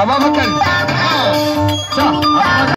泡ばさあ、